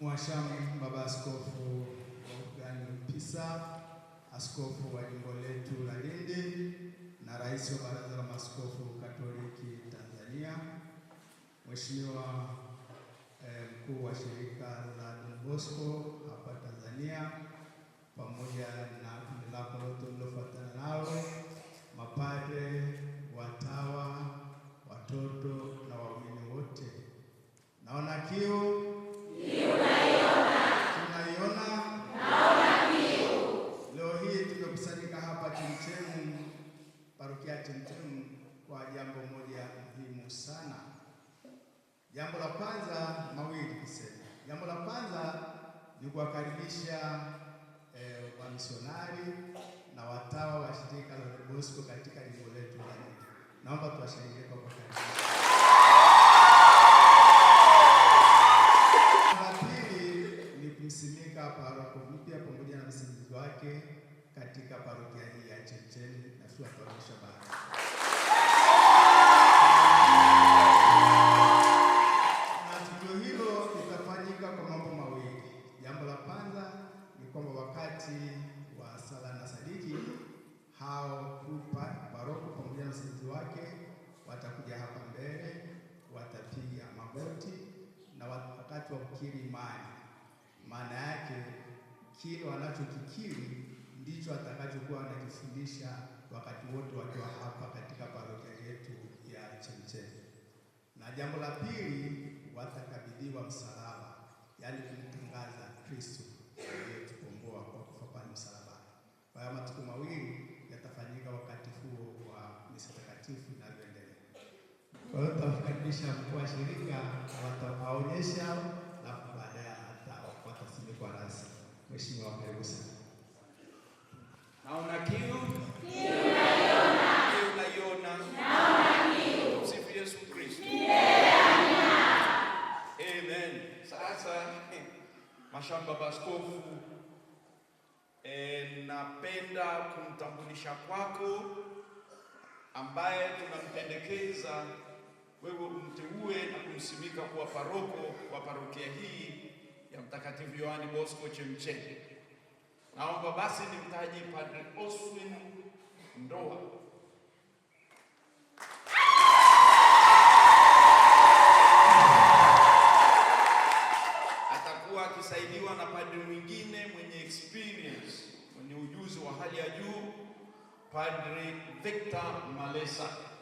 Mwashamu Baba Askofu Wolfgang Mpisa, askofu wa jimbo letu la Lindi na rais wa Baraza la maskofu Katoliki Tanzania, Mheshimiwa eh, mkuu wa shirika la Don Bosco hapa Tanzania, pamoja na kundi lako lote mliofuatana nalo, mapadre, watawa, watoto na waumini wote, naona kiu Jambo la kwanza mawili kusema. Jambo la kwanza ni kuwakaribisha eh, wamisionari na watawa wa shirika la Don Bosco katika jimbo letu la Geita. Naomba tuwashangilie kwa pamoja. La pili ni kumsimika paroko mpya pamoja na msaidizi wake katika parokia hii ya Chemchemi na tuwatawanisha baadaye. wake watakuja hapa mbele, watapiga magoti na wakati wa kukiri imani, maana yake kile wanachokikiri ndicho atakachokuwa anakifundisha wakati wote wakiwa hapa katika parokia yetu ya Chemchemi. Na jambo la pili, watakabidhiwa msalaba Kwa hiyo tutamkaribisha mkuu wa shirika, wataonyesha alafu baadaye watasimikwa rasmi. Mheshimiwa, karibu sana. Naona kiu, Yesu Kristo. mashamba baskofu, e, napenda kumtambulisha kwako ambaye tunampendekeza wewe umteue na kumsimika kuwa paroko wa parokia hii ya Mtakatifu Yohani Bosco Chemchemi. Naomba basi nimtaje Padre Oswin Ndoa. Atakuwa akisaidiwa na padre mwingine mwenye experience, mwenye ujuzi wa hali ya juu, Padre Victor Malesa.